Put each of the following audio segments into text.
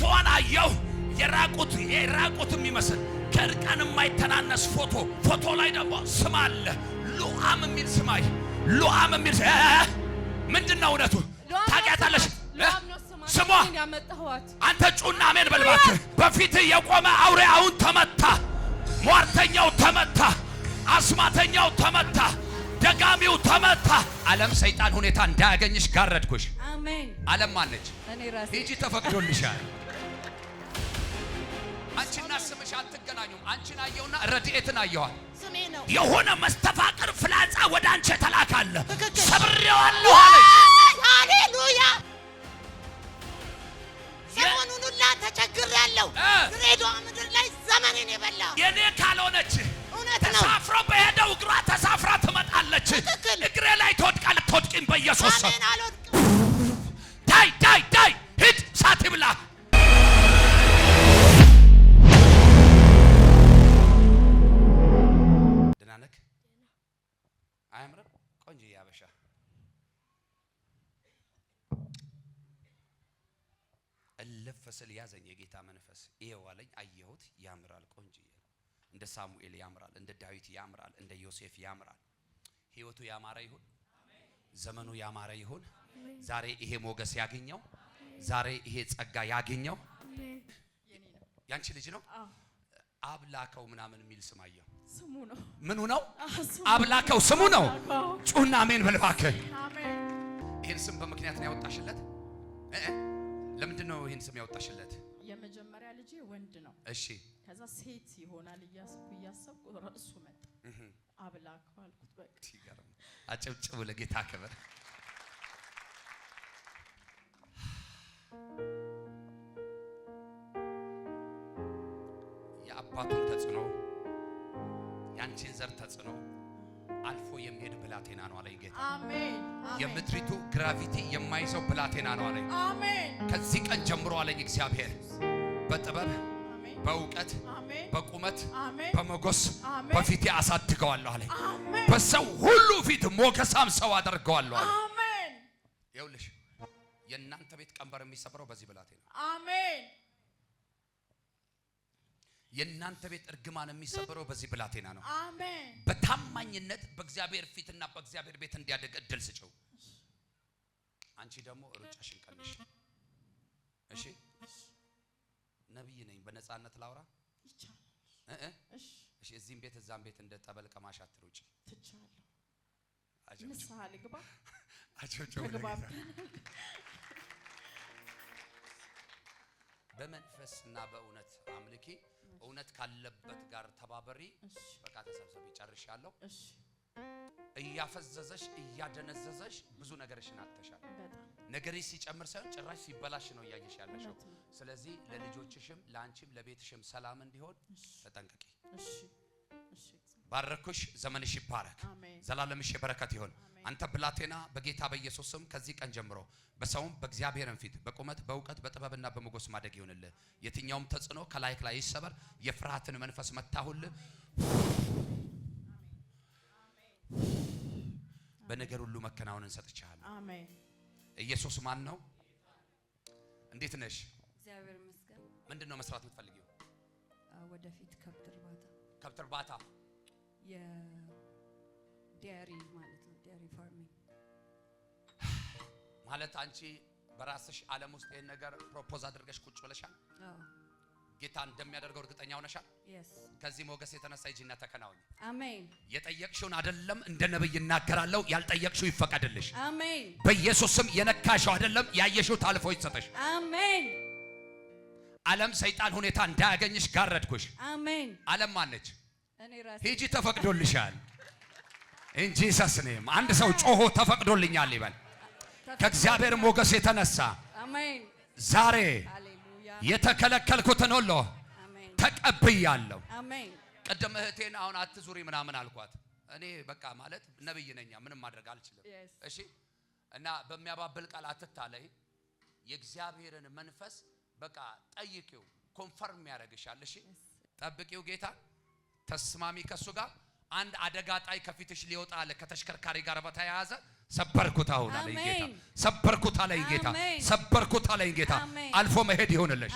ፎቶዋን አየሁ። የራቁት የራቁት የሚመስል ከእርቃን የማይተናነስ ፎቶ ፎቶ ላይ ደግሞ ስም አለ። ሉዓም የሚል ስማይ ሉዓም የሚል ምንድን ነው እውነቱ? ታውቂያታለሽ ስሟ አንተ ጩና አሜን በልባት። በፊት የቆመ አውሬ አሁን ተመታ። ሟርተኛው ተመታ። አስማተኛው ተመታ። ደጋሚው ተመታ። ዓለም ሰይጣን ሁኔታ እንዳያገኝሽ ጋረድኩሽ። አሜን። ዓለም ማነች? ሂጂ ተፈቅዶልሻል። አንቺና ስምሽ አትገናኙም። አንቺን አየውና ረድኤትን አየዋል። የሆነ መስተፋቅር ፍላጻ ወደ አንቺ ተላካለ። ሰብሬዋለሁ አለ። ሃሌሉያ። ሰሞኑን ሁላ ተቸግሬያለሁ። ድሬዳዋ ምድር ላይ ዘመኔን የበላ የኔ ካልሆነች ተሳፍሮ በሄደው እግሯ ተሳፍራ ትመጣለች። እግሬ ላይ ትወድቃለች። አትወድቂም። በኢየሱስ ታይ ታይ ታይ ሂድ ሳት ይብላ ስል ያዘኝ የጌታ መንፈስ ይየዋለኝ አየሁት፣ ያምራል፣ ቆንጅዬ ነው። እንደ ሳሙኤል ያምራል፣ እንደ ዳዊት ያምራል፣ እንደ ዮሴፍ ያምራል። ህይወቱ ያማረ ይሁን፣ ዘመኑ ያማረ ይሁን። ዛሬ ይሄ ሞገስ ያገኘው፣ ዛሬ ይሄ ጸጋ ያገኘው ያንቺ ልጅ ነው። አብላከው ምናምን የሚል ስም አየው ስሙ ነው ምኑ ነው? አብላከው ስሙ ነው። ጩና አሜን በልባከ ይህን ስም በምክንያት ነው ያወጣሽለት ለምንድን ነው ይህን ስም ያወጣሽለት? የመጀመሪያ ልጅ ወንድ ነው። እሺ። ከዛ ሴት ይሆናል እያስብኩ እያሰብኩ ርዕሱ መጣ አብላክ አልኩት። በቃ አጨብጭቡ ለጌታ ክብር። የአባቱን ተጽዕኖ፣ የአንቺን ዘር ተጽዕኖ አልፎ የሚሄድ ብላቴና ነው አለኝ ጌታ። አሜን። የምድሪቱ ግራቪቲ የማይዘው ብላቴና ነው አለኝ። አሜን። ከዚህ ቀን ጀምሮ አለኝ እግዚአብሔር በጥበብ በእውቀት በቁመት በመጎስ በፊቴ አሳድገዋለሁ አለኝ። በሰው ሁሉ ፊት ሞገሳም ሰው አደርገዋለሁ አለ። አሜን። ይኸውልሽ የእናንተ ቤት ቀንበር የሚሰብረው በዚህ ብላቴና አሜን። የእናንተ ቤት እርግማን የሚሰበረው በዚህ ብላቴና ነው። አሜን። በታማኝነት በእግዚአብሔር ፊትና በእግዚአብሔር ቤት እንዲያደግ እድል ስጭው። አንቺ ደግሞ ሩጫሽን ቀንሽ። እሺ፣ ነብይ ነኝ በነፃነት ላውራ ይቻላል። እሺ፣ እዚህም ቤት እዛም ቤት እንደ ጠበል ቀማሽ አትሩጪ። ትቻለሁ። ንስሐ ልግባ። ግባ። በመንፈስና በእውነት አምልኪ። እውነት ካለበት ጋር ተባበሪ። በቃ ተሰብሰቢ። ይጨርሻለሁ። እያፈዘዘሽ እያደነዘዘሽ ብዙ ነገርሽን አጥተሻል። ነገር ሲጨምር ሳይሆን ጭራሽ ሲበላሽ ነው እያየሽ ያለሽው። ስለዚህ ለልጆችሽም ለአንቺም ለቤትሽም ሰላም እንዲሆን ተጠንቅቂ። ባረኩሽ። ዘመንሽ ይባረክ። ዘላለምሽ የበረከት ይሁን። አንተ ብላቴና በጌታ በኢየሱስ ስም ከዚህ ቀን ጀምሮ በሰውም በእግዚአብሔርን ፊት በቁመት በእውቀት በጥበብና በሞገስ ማደግ ይሁንልህ። የትኛውም ተጽዕኖ ከላይክ ላይ ይሰበር። የፍርሃትን መንፈስ መታሁልህ። በነገር ሁሉ መከናወን እንሰጥቻለሁ። ኢየሱስ ማን ነው? እንዴት ነሽ? ምንድን ነው መስራት የምትፈልጊው? ወደፊት ከብት እርባታ ከብት እርባታ የዲያሪ ማለት ነው። ዲያሪ ፋርሚንግ ማለት አንቺ በራስሽ ዓለም ውስጥ ይህን ነገር ፕሮፖዝ አድርገሽ ቁጭ ብለሻል። ጌታ እንደሚያደርገው እርግጠኛ ሆነሻል። ከዚህ ሞገስ የተነሳ ሂጂና ተከናወኝ። አሜን። የጠየቅሽውን አይደለም እንደ ነብይ እናገራለሁ። ያልጠየቅሽው ይፈቀድልሽ። አሜን። በኢየሱስ ስም የነካሽው አይደለም ያየሽው ታልፎ ይሰጠሽ። አሜን። ዓለም ሰይጣን ሁኔታ እንዳያገኝሽ ጋረድኩሽ። አሜን። ዓለም ማነች? ሂጂ ተፈቅዶልሻል። እንጂ ሰስኔም አንድ ሰው ጮሆ ተፈቅዶልኛል ይበል። ከእግዚአብሔር ሞገስ የተነሳ ዛሬ የተከለከልኩትን ሁሉ ተቀብያለሁ። ቅድም እህቴን አሁን አትዙሪ ምናምን አልኳት። እኔ በቃ ማለት ነብይ ነኛ ምንም ማድረግ አልችልም። እሺ እና በሚያባብል ቃል አትታለይ። የእግዚአብሔርን መንፈስ በቃ ጠይቂው፣ ኮንፈርም ያደርግሻል። እሺ ጠብቂው ጌታ ተስማሚ ከሱ ጋር አንድ አደጋ ጣይ ከፊትሽ ሊወጣ አለ። ከተሽከርካሪ ጋር በተያያዘ ሰበርኩታ አሁን አለ ጌታ፣ ሰበርኩታ ላይ ጌታ፣ ሰበርኩታ ላይ ጌታ፣ አልፎ መሄድ ይሆንልሽ።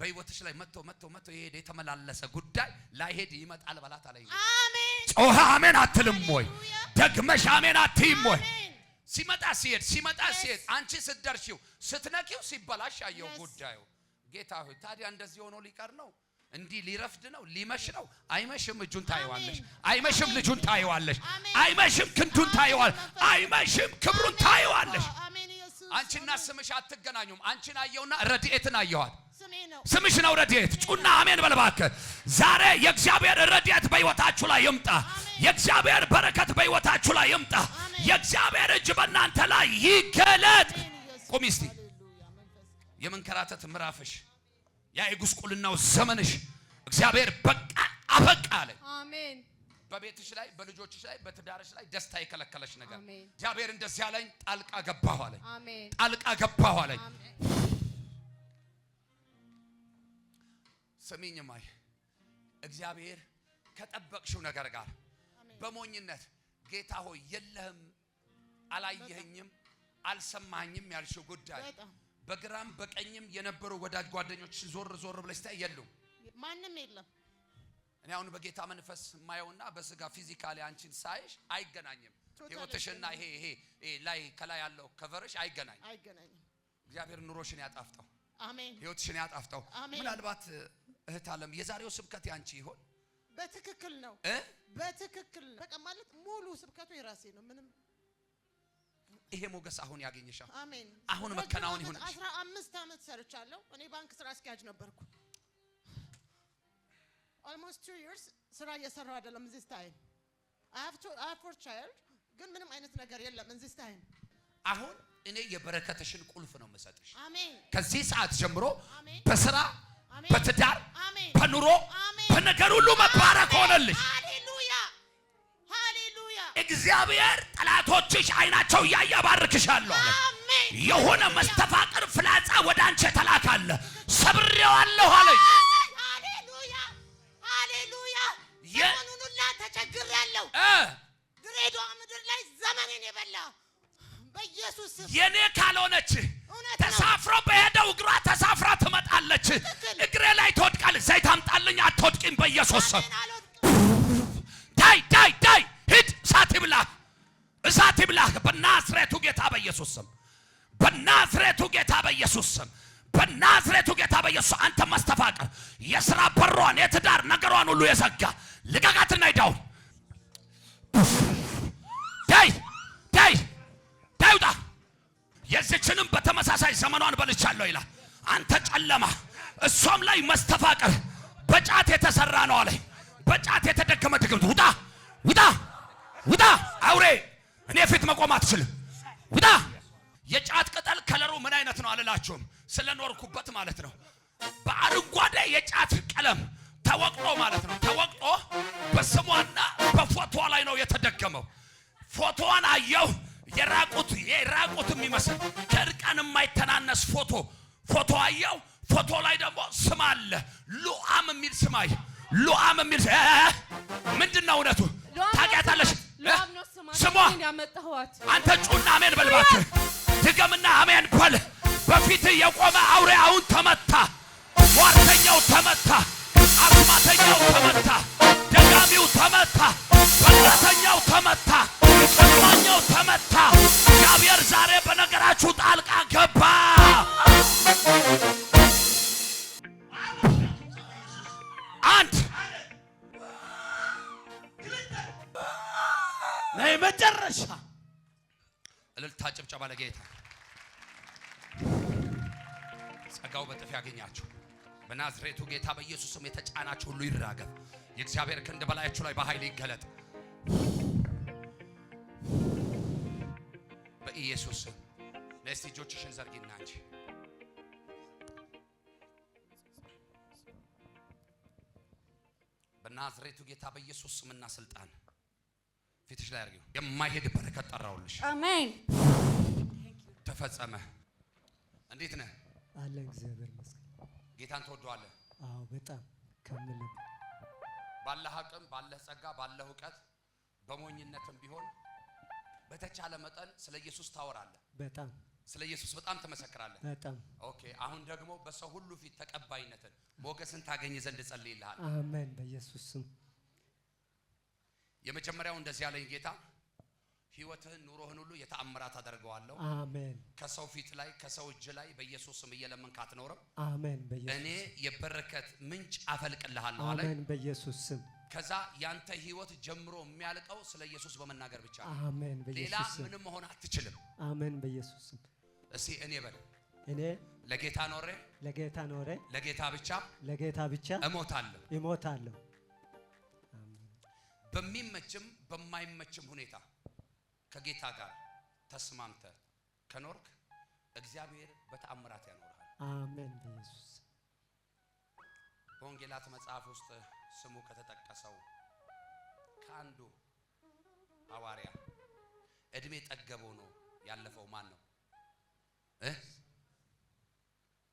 በህይወትሽ ላይ መጥቶ መጥቶ መጥቶ የሄደ የተመላለሰ ጉዳይ ላይሄድ ይመጣል። በላት አለ ጮኸ አሜን አትልም ወይ? ደግመሽ አሜን አትይም ወይ? ሲመጣ ሲሄድ ሲመጣ ሲሄድ አንቺ ስትደርሺው ስትነቂው ሲበላሽ አየው ጉዳዩ። ጌታ ሆይ ታዲያ እንደዚህ ሆኖ ሊቀር ነው? እንዲህ ሊረፍድ ነው? ሊመሽ ነው? አይመሽም። እጁን ታየዋለሽ። አይመሽም። ልጁን ታየዋለሽ። አይመሽም። ክንዱን ታየዋል አይመሽም። ክብሩን ታየዋለሽ። አንቺና ስምሽ አትገናኙም። አንቺን አየውና ረድኤትን አየዋል። ስምሽ ነው ረድኤት። ጩና አሜን በልባከ ዛሬ የእግዚአብሔር ረድኤት በሕይወታችሁ ላይ ይምጣ። የእግዚአብሔር በረከት በሕይወታችሁ ላይ ይምጣ። የእግዚአብሔር እጅ በእናንተ ላይ ይገለጥ። ቁሚ እስቲ። የመንከራተት ምዕራፍሽ ያ የጉስቁልናው ዘመንሽ እግዚአብሔር በቃ አበቃ አለ። አሜን። በቤትሽ ላይ በልጆችሽ ላይ በትዳርሽ ላይ ደስታ የከለከለሽ ነገር እግዚአብሔር እንደዚህ አለኝ፣ ጣልቃ ገባሁ አለኝ፣ ጣልቃ ገባሁ አለኝ። ማይ እግዚአብሔር ከጠበቅሽው ነገር ጋር በሞኝነት ጌታ ሆይ የለህም፣ አላየኸኝም፣ አልሰማኸኝም ያልሽው ጉዳይ በግራም በቀኝም የነበሩ ወዳጅ ጓደኞች ዞር ዞር ብለሽ ስታይ የሉም፣ ማንም የለም። እኔ አሁን በጌታ መንፈስ የማየውና በስጋ ፊዚካሊ አንቺን ሳይሽ አይገናኝም። ህይወትሽና ይሄ ይሄ ላይ ከላይ ያለው ከቨርሽ አይገናኝም፣ አይገናኝም። እግዚአብሔር ኑሮሽን ያጣፍጠው፣ አሜን። ህይወትሽን ያጣፍጠው። ምናልባት እህት አለም የዛሬው ስብከት ያንቺ ይሆን በትክክል ነው። በትክክል ነው። በቃ ማለት ሙሉ ስብከቱ የራሴ ነው። ምንም ይሄ ሞገስ አሁን ያገኘሻል። አሜን። አሁን መከናወን ይሁን። አስራ አምስት ዓመት ሰርቻለሁ። እኔ ባንክ ስራ አስኪያጅ ነበርኩ። ኦልሞስት ቱ ይርስ ስራ እየሰራሁ አይደለም። እዚህ ስታይል አይ ሃቭ ፎር ቻይልድ ግን ምንም አይነት ነገር የለም። እዚህ ስታይል አሁን እኔ የበረከተሽን ቁልፍ ነው የምሰጥሽ። አሜን። ከዚህ ሰዓት ጀምሮ በስራ በትዳር በኑሮ በነገር ሁሉ መባረክ ሆነልሽ። እግዚአብሔር ጠላቶችሽ አይናቸው እያየ ባርክሻለሁ። የሆነ መስተፋቅር ፍላጻ ወደ አንቺ ተላካለ ሰብሬዋለሁ አለኝ። ሁሉ የዘጋ ልቀቃትና ይዳውን ዳይ ዳይ ዳይውጣ የዚችንም በተመሳሳይ ዘመኗን በልቻለሁ ይላል። አንተ ጨለማ እሷም ላይ መስተፋቅር በጫት የተሰራ ነው አለ። በጫት የተደከመ ድግምት ውጣ፣ ውጣ፣ ውጣ አውሬ እኔ ፊት መቆም አትችልም። ውጣ። የጫት ቅጠል ከለሩ ምን አይነት ነው አልላችሁም፣ ስለኖርኩበት ማለት ነው። በአረንጓዴ የጫት ቀለም ተወቅጦ ማለት ነው። ተወቅጦ በስሟና በፎቶዋ ላይ ነው የተደገመው። ፎቶዋን አየሁ የራቁት የራቁት የሚመስል ከእርቃን የማይተናነስ ፎቶ ፎቶ አየው። ፎቶ ላይ ደግሞ ስም አለ። ሉአም የሚል ስም አየሁ። ሉዓም የሚል ምንድን ነው እውነቱ? ታውቂያታለሽ? ስሟ አንተ ጩና አሜን በልባት ድገምና አሜን በል። በፊት የቆመ አውሬ አሁን ተመታ፣ ሟርተኛው ተመታ። አስማተኛው ተመታ፣ ደጋሚው ተመታ፣ በላተኛው ተመታ፣ ዘማኛው ተመታ። እግዚአብሔር ዛሬ በነገራችሁ ጣልቃ ገባ። አንድ ናይ መጨረሻ እልልታ ጭብጨባ ለጌታ ጸጋው በጥፍ ያገኛችሁ። በናዝሬቱ ጌታ በኢየሱስ ስም የተጫናችሁ ሁሉ ይራገፍ። የእግዚአብሔር ክንድ በላያችሁ ላይ በኃይል ይገለጥ በኢየሱስ ስም። እስቲ እጆችሽን ዘርጊና እንጂ በናዝሬቱ ጌታ በኢየሱስ ስምና ስልጣን ፊትሽ ላይ አድርጊው። የማይሄድ በረከት ጠራውልሽ። አሜን። ተፈጸመ። እንዴት ነህ? አለ እግዚአብሔር ይመስገን። ጌታን ትወደዋለህ? አዎ በጣም ከምልህ ባለህ አቅም፣ ባለህ ጸጋ፣ ባለህ እውቀት በሞኝነትም ቢሆን በተቻለ መጠን ስለ ኢየሱስ ታወራለህ። በጣም ስለ ኢየሱስ በጣም ትመሰክራለህ። በጣም ኦኬ። አሁን ደግሞ በሰው ሁሉ ፊት ተቀባይነትን ሞገስን ታገኝ ዘንድ ጸልይልሃል። አሜን። በኢየሱስ ስም የመጀመሪያው እንደዚህ ያለኝ ጌታ ህይወትህን ኑሮህን ሁሉ የተአምራት አደርገዋለሁ። አሜን። ከሰው ፊት ላይ ከሰው እጅ ላይ በኢየሱስ ስም እየለመንክ አትኖርም። አሜን። በኢየሱስ እኔ የበረከት ምንጭ አፈልቅልሃለሁ አለ። አሜን። በኢየሱስ ስም ከዛ ያንተ ህይወት ጀምሮ የሚያልቀው ስለ ኢየሱስ በመናገር ብቻ አሜን። በኢየሱስ ሌላ ምንም መሆን አትችልም። አሜን። በኢየሱስ ስም እሺ፣ እኔ በል እኔ ለጌታ ኖሬ ለጌታ ኖሬ ለጌታ ብቻ ለጌታ ብቻ እሞታለሁ እሞታለሁ በሚመችም በማይመችም ሁኔታ ከጌታ ጋር ተስማምተ ከኖርክ እግዚአብሔር በተአምራት ያኖርሃል። አሜን። በኢየሱስ በወንጌላት መጽሐፍ ውስጥ ስሙ ከተጠቀሰው ከአንዱ ሐዋርያ እድሜ ጠገበው ነው ያለፈው ማን ነው?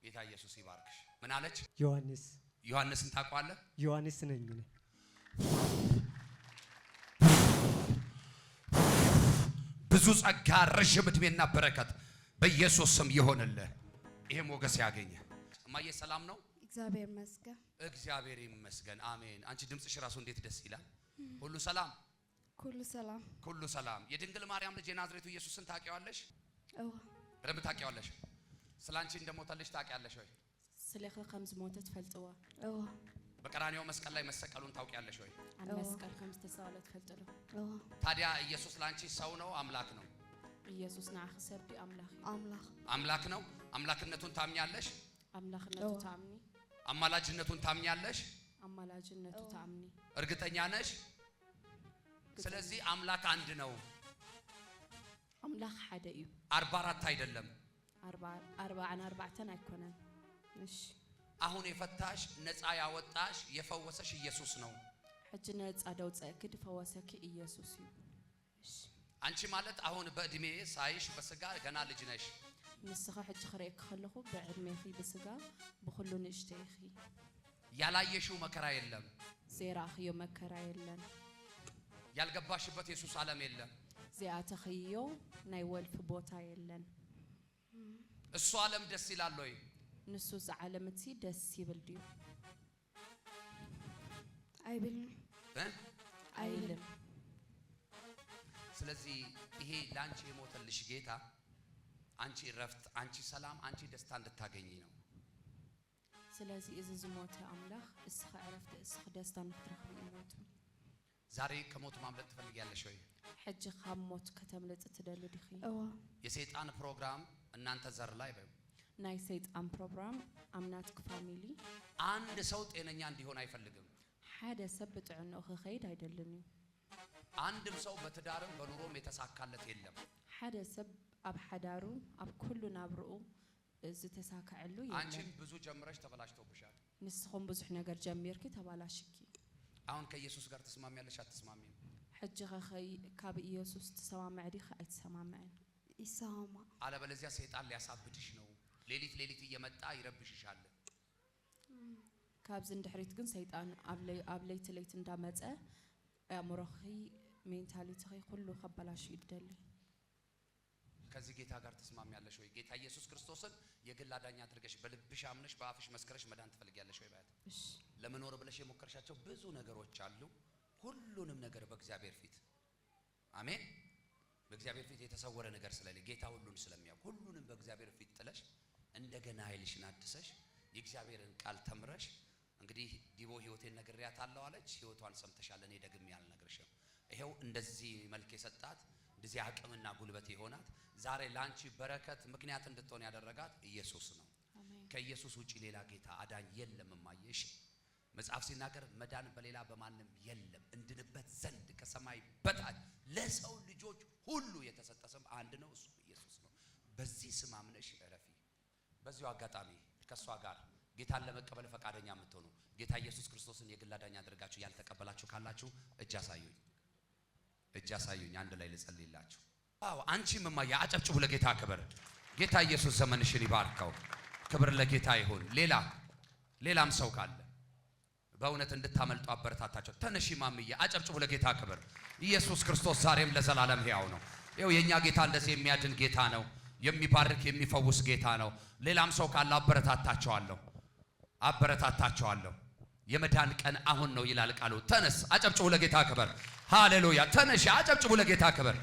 ጌታ ኢየሱስ ይባርክሽ። ምን አለች? ዮሐንስ ዮሐንስን ታውቀዋለህ? ዮሐንስ ነኝ ብዙ ጸጋ ረዥም ዕድሜና በረከት በኢየሱስ ስም ይሆንልህ። ይሄ ሞገስ ያገኘ እማዬ ሰላም ነው። እግዚአብሔር ይመስገን። እግዚአብሔር ይመስገን። አሜን። አንቺ ድምፅሽ ራሱ እንዴት ደስ ይላል። ሁሉ ሰላም፣ ሁሉ ሰላም፣ ሁሉ ሰላም። የድንግል ማርያም ልጅ የናዝሬቱ ኢየሱስን ታውቂዋለሽ? እዋ በደንብ ታውቂዋለሽ። ስለ አንቺ እንደሞተልሽ ታውቂያለሽ ወይ? ስለ ከም ዝሞተት ፈልጥዋ በቀራኒው መስቀል ላይ መሰቀሉን ታውቂያለሽ ወይ? ታዲያ ኢየሱስ ላንቺ ሰው ነው አምላክ ነው? ኢየሱስ ንዓኺ ሰብ አምላኽ አምላኽ አምላክ ነው። አምላክነቱን ታምኛለሽ? አምላክነቱ ታምኒ። አማላጅነቱን ታምኛለሽ? አማላጅነቱ ታምኒ። እርግጠኛ ነሽ? ስለዚህ አምላክ አንድ ነው። አምላክ ሓደ እዩ። 44 አይደለም፣ 44 አይኮነን። እሺ አሁን የፈታሽ ነፃ ያወጣሽ የፈወሰሽ ኢየሱስ ነው። ሕጂ ነፃ ደውፀኪ ፈወሰኪ ኢየሱስ እዩ። አንቺ ማለት አሁን በእድሜ ሳይሽ በስጋ ገና ልጅ ነሽ። ንስኻ ሕጂ ክሪእክ ከለኹ ብዕድሜኺ ብስጋ ብኩሉ ንእሽተይኺ ያላየሽው መከራ የለም። ዘይረኣኽዮ መከራ የለን። ያልገባሽበት የሱስ ዓለም የለም። ዘይኣተኽዮ ናይ ወልፊ ቦታ የለን። እሱ ዓለም ደስ ይላል ወይ? ንሱ ዝዓለም እቲ ደስ ይብል ድዩ አይብልም አይልም። ስለዚህ ይሄ ለአንቺ የሞተልሽ ጌታ አንቺ እረፍት፣ አንቺ ሰላም፣ አንቺ ደስታ እንድታገኝ ነው። ስለዚህ እዚ ዝሞተ አምላኽ እስኻ ዕረፍቲ እስኻ ደስታ ንክትረኽቢ ይሞቱ ዛሬ ከሞት ማምለጥ ትፈልጊያለሽ ወይ? ሕጂ ካብ ሞት ከተምልጥ ትደሊ ዲኺ? የሰይጣን ፕሮግራም እናንተ ዘር ላይ በዩ ናይ ሰይጣን ፕሮግራም ኣምናትክ ፋሚሊ አንድ ሰው ጤነኛ እንዲሆን አይፈልግም። ሓደ ሰብ ብጥዕንኡ ክኸይድ አይደልን እዩ። አንድም ሰው በትዳርም በኑሮም የተሳካለት የለም። ሓደ ሰብ ኣብ ሓዳሩ ኣብ ኩሉ ናብርኡ ዝተሳካዐሉ የለን። አንቺም ብዙ ጀምረሽ ተበላሽቶብሻል። ንስኹም ብዙሕ ነገር ጀሚርኪ ተባላሽኪ። አሁን ከኢየሱስ ጋር ትስማሚያለሽ አትስማሚም? ሕጂ ኸ ካብ ኢየሱስ ትሰማምዕ ዲኸ አይትሰማምዕን? ይሰማማ። አለበለዚያ ሰይጣን ሊያሳብድሽ ነው። ሌሊት ሌሊት እየመጣ ይረብሽሻል። ካብዚ እንድሕሪት ግን ሰይጣን ኣብ ለይቲ ለይቲ እንዳመፀ ኣእምሮኺ ሜንታሊቲኺ ኩሉ ከበላሽ ይደሊ ከዚህ ጌታ ጋር ትስማሚያለሽ ወይ? ጌታ ኢየሱስ ክርስቶስን የግል አዳኝ አድርገሽ በልብሽ አምነሽ በአፍሽ መስከረሽ መዳን ትፈልጊያለሽ ወይ? ባያት ለመኖር ብለሽ የሞከርሻቸው ብዙ ነገሮች አሉ። ሁሉንም ነገር በእግዚአብሔር ፊት አሜን። በእግዚአብሔር ፊት የተሰወረ ነገር ስለሌለ ጌታ ሁሉን ስለሚያውቅ ሁሉንም በእግዚአብሔር ፊት ጥለሽ እንደገና ኃይልሽን አድሰሽ የእግዚአብሔርን ቃል ተምረሽ እንግዲህ ዲቦ ህይወቴን ነግሬያታለሁ አለች። ህይወቷን ሰምተሻል፣ እኔ ደግሜ አልነግርሽም። ይሄው እንደዚህ መልክ የሰጣት እንደዚህ አቅምና ጉልበት የሆናት ዛሬ ላንቺ በረከት ምክንያት እንድትሆን ያደረጋት ኢየሱስ ነው። ከኢየሱስ ውጪ ሌላ ጌታ አዳኝ የለም። ማየሽ መጽሐፍ ሲናገር መዳን በሌላ በማንም የለም፣ እንድንበት ዘንድ ከሰማይ በታች ለሰው ልጆች ሁሉ የተሰጠ ስም አንድ ነው፣ እሱ ኢየሱስ ነው። በዚህ ስም አምነሽ እረፊ። በዚሁ አጋጣሚ ከእሷ ጋር ጌታን ለመቀበል ፈቃደኛ የምትሆኑ ጌታ ኢየሱስ ክርስቶስን የግል አዳኝ አድርጋችሁ ያልተቀበላችሁ ካላችሁ እጅ አሳዩኝ፣ እጅ አሳዩኝ። አንድ ላይ ልጸልይላችሁ። አዎ አንቺም እማዬ አጨብጭቡ ለጌታ ክብር። ጌታ ኢየሱስ ዘመንሽን ይባርከው። ክብር ለጌታ ይሁን። ሌላ ሌላም ሰው ካለ በእውነት እንድታመልጡ አበረታታቸው። ተነሺ ማምዬ አጨብጭቡ ለጌታ ክብር። ኢየሱስ ክርስቶስ ዛሬም ለዘላለም ሕያው ነው። ይኸው የእኛ ጌታ እንደዚህ የሚያድን ጌታ ነው። የሚባርክ የሚፈውስ ጌታ ነው። ሌላም ሰው ካለ አበረታታቸዋለሁ አበረታታቸዋለሁ። የመዳን ቀን አሁን ነው ይላል ቃሉ። ተነስ፣ አጨብጭቡ ለጌታ ክበር። ሃሌሉያ! ተነሽ፣ አጨብጭቡ ለጌታ ክበር።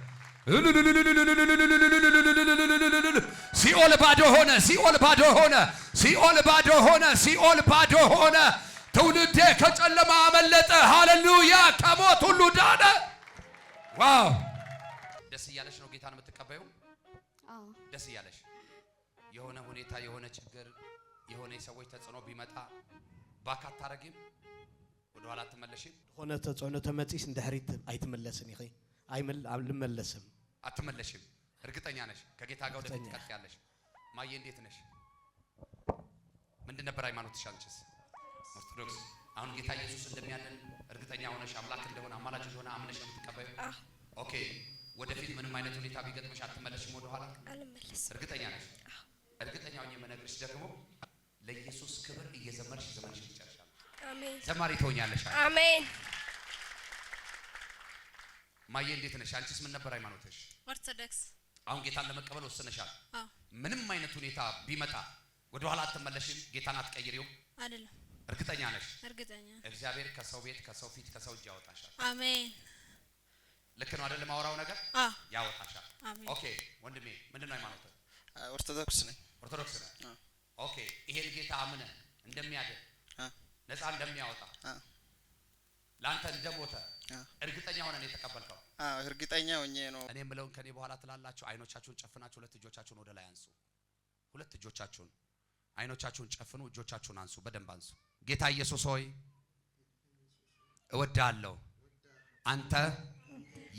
ሲኦል ባዶ ሆነ፣ ሲኦል ባዶ ሆነ፣ ሲኦል ባዶ ሆነ፣ ሲኦል ባዶ ሆነ። ትውልዴ ከጨለማ አመለጠ። ሃሌሉያ! ከሞት ሁሉ ዳነ። ዋው! ደስ እያለሽ ነው ደስ እያለሽ የሆነ ሁኔታ የሆነ ችግር የሆነ የሰዎች ተጽዕኖ ቢመጣ ባካ ባካት ወደ ኋላ አትመለሽም። ሆነ ተጽዕኖ ተመጺስ እንድሕሪት አይትመለስን ይኸ አይመል አልመለስም አትመለሽም። እርግጠኛ ነሽ ከጌታ ጋር ወደፊት ቀጥ ያለሽ ማየ እንዴት ነሽ? ምንድን ነበር ሃይማኖት አንቺስ ኦርቶዶክስ አሁን ጌታ ኢየሱስ እንደሚያለን እርግጠኛ ሆነሽ አምላክ እንደሆነ አማላጅ እንደሆነ አምነሽ የምትቀበዩ ኦኬ ወደፊት ምንም አይነት ሁኔታ ቢገጥምሽ አትመለሽም ወደኋላ? አልመለስም። እርግጠኛ ነሽ? እርግጠኛ ሆኜ የምነግርሽ ደግሞ ለኢየሱስ ክብር እየዘመርሽ ዘመንሽን ይጨርሻል አሜን። ዘማሪ ትሆኛለሽ። አሜን። ማየ እንዴት ነሽ? አንቺስ ምን ነበር ሃይማኖትሽ? ኦርቶዶክስ። አሁን ጌታን ለመቀበል ወስነሻል። ምንም አይነት ሁኔታ ቢመጣ ወደኋላ አትመለሽም። ጌታን አትቀይሪውም አይደለም? እርግጠኛ ነሽ? እርግጠኛ። እግዚአብሔር ከሰው ቤት ከሰው ፊት ከሰው እጅ ያወጣሻል። አሜን። ልክ ነው አይደል? ማውራው ነገር ያወጣሻል። ኦኬ ወንድሜ ምንድን ነው ሃይማኖት? ኦርቶዶክስ ነኝ። ኦርቶዶክስ ነኝ። ኦኬ ይሄን ጌታ አምነ እንደሚያድን ነፃ እንደሚያወጣ ለአንተ እንደሞተ እርግጠኛ ነው የተቀበልከው? አዎ እርግጠኛ ሆኜ ነው። እኔ የምለውን ከኔ በኋላ ትላላችሁ። አይኖቻችሁን ጨፍናችሁ ሁለት እጆቻችሁን ወደ ላይ አንሱ። ሁለት እጆቻችሁን አይኖቻችሁን ጨፍኑ፣ እጆቻችሁን አንሱ፣ በደንብ አንሱ። ጌታ ኢየሱስ ሆይ እወዳለሁ አንተ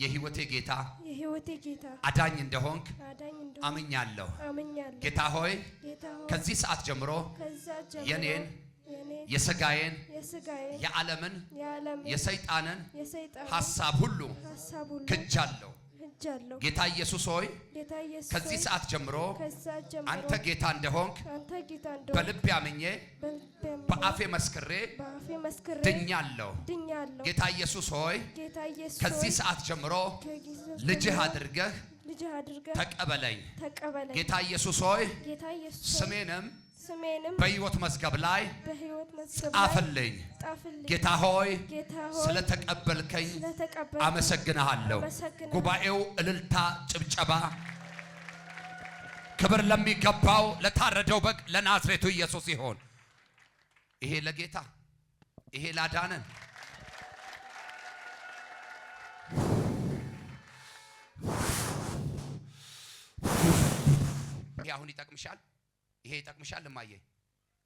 የህይወቴ ጌታ የህይወቴ ጌታ አዳኝ እንደሆንክ አምኛለሁ። ጌታ ሆይ ከዚህ ሰዓት ጀምሮ የኔን የስጋዬን የዓለምን የሰይጣንን ሐሳብ ሁሉ ክጃለሁ። ጌታ ኢየሱስ ሆይ ከዚህ ሰዓት ጀምሮ አንተ ጌታ እንደሆንክ በልብ ያምኜ በአፌ መስክሬ ድኛለሁ። ጌታ ኢየሱስ ሆይ ከዚህ ሰዓት ጀምሮ ልጅህ አድርገህ ተቀበለኝ። ጌታ ኢየሱስ ሆይ ስሜንም ስሜንም በሕይወት መዝገብ ላይ ጻፍልኝ። ጌታ ሆይ ስለተቀበልከኝ አመሰግንሃለሁ። ጉባኤው እልልታ፣ ጭብጨባ፣ ክብር ለሚገባው ለታረደው በግ ለናዝሬቱ ኢየሱስ ይሆን። ይሄ ለጌታ ይሄ ላዳነን ይሄ አሁን ይጠቅምሻል። ይሄ ይጠቅምሻል እማዬ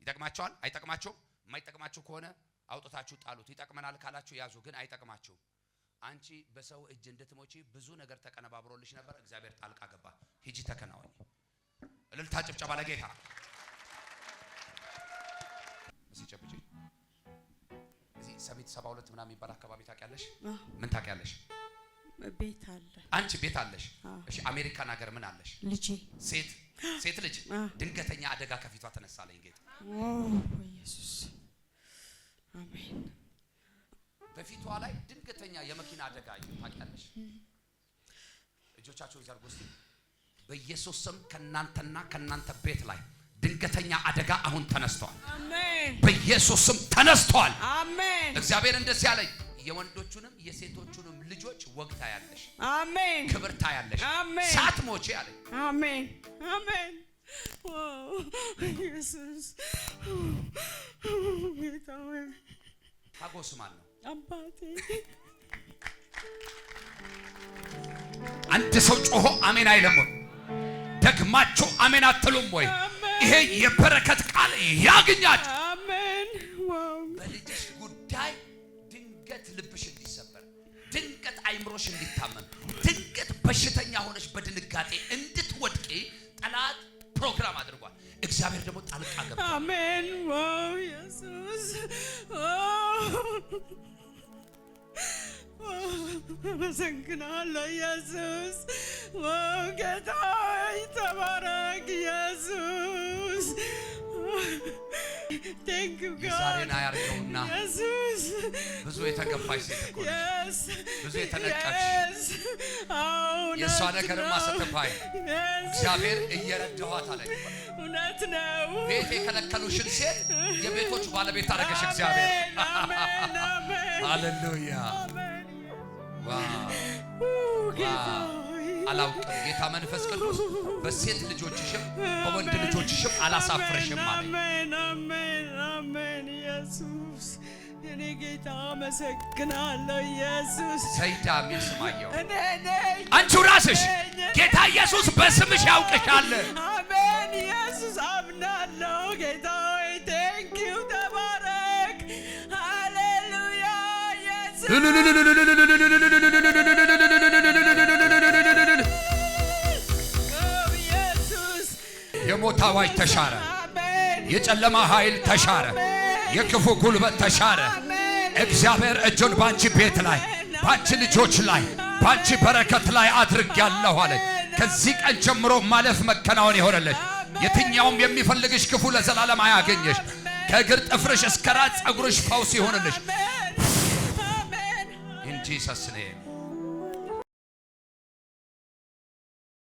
ይጠቅማቸዋል አይጠቅማቸውም የማይጠቅማቸው ከሆነ አውጥታችሁ ጣሉት ይጠቅመናል ካላችሁ ያዙ ግን አይጠቅማቸውም አንቺ በሰው እጅ እንድትሞቺ ብዙ ነገር ተቀነባብሮልሽ ነበር እግዚአብሔር ጣልቃ ገባ ሂጂ ተከናወኝ እልልታ ጭብጨባ ለጌታ ጌታ እዚህ ሰቤት ሰባ ሁለት ምናምን የሚባል አካባቢ ታውቂያለሽ ምን ታውቂያለሽ ቤት አለ። አንቺ ቤት አለሽ። እሺ፣ አሜሪካን ሀገር ምን አለሽ? ልጅ ሴት ሴት ልጅ። ድንገተኛ አደጋ ከፊቷ ተነሳለኝ። ጌታ ኦ ኢየሱስ፣ አሜን። በፊቷ ላይ ድንገተኛ የመኪና አደጋ ታውቂያለሽ። እጆቻቸው ይዘርጉ እስቲ። በኢየሱስ ስም ከናንተና ከናንተ ቤት ላይ ድንገተኛ አደጋ አሁን ተነስተዋል። አሜን። በኢየሱስ ስም ተነስተዋል። አሜን። እግዚአብሔር እንደዚህ ያለኝ የወንዶቹንም የሴቶቹንም ልጆች ወግ ታያለሽ። አሜን። ክብር ታያለሽ። አሜን። ሞቼ አለ። አሜን። አሜን። ኢየሱስ ሀጎስ ማን ነው? አባቴ አንድ ሰው ጮሆ አሜን አይልም ወይ? ደግማችሁ አሜን አትሉም ወይ? ይሄ የበረከት ቃል ያግኛችሁ። ልብሽ እንዲሰበር ድንገት አይምሮሽ እንዲታመም ድንገት በሽተኛ ሆነች በድንጋጤ እንድትወድቂ ጠላት ፕሮግራም አድርጓል። እግዚአብሔር ደግሞ ጣልቃ ገባ። አሜን። ዋው ኢየሱስ አመሰግናለሁ። ኢየሱስ ተባረክ ኢየሱስ የዛሬን አያርገውና ብዙ የተገባሽ ሴት እኮ ነሽ፣ ብዙ የተነቀሽ የእሷ ነገርማ ስትባይ እግዚአብሔር እየረዳኋት አለኝ። እውነት ነው። ቤት የከለከሉሽን ሴት የቤቶች ባለቤት አደረገሽ እግዚአብሔር። ሃሌሉያ አላውቅም። ጌታ መንፈስ ቅዱስ በሴት ልጆችሽም በወንድ ልጆችሽም አላሳፍርሽም አለ። አሜን አሜን። ኢየሱስ እኔ ጌታ አመሰግናለሁ። ኢየሱስ ሰይዳ ሚል አንቺው ራስሽ ጌታ ኢየሱስ በስምሽ ያውቅሻል። አሜን። ኢየሱስ አምናለሁ። ጌታ ተባረክ። ሃሌሉያ ኢየሱስ የሞት አዋጅ ተሻረ። የጨለማ ኃይል ተሻረ። የክፉ ጉልበት ተሻረ። እግዚአብሔር እጁን ባንቺ ቤት ላይ፣ ባንቺ ልጆች ላይ፣ ባንቺ በረከት ላይ አድርግ ያለሁ አለ። ከዚህ ቀን ጀምሮ ማለፍ መከናወን ይሆነለሽ። የትኛውም የሚፈልግሽ ክፉ ለዘላለም አያገኘሽ። ከእግር ጥፍርሽ እስከ ራስ ጸጉርሽ ፈውስ ይሆንልሽ። ኢን ጂሰስ ኔም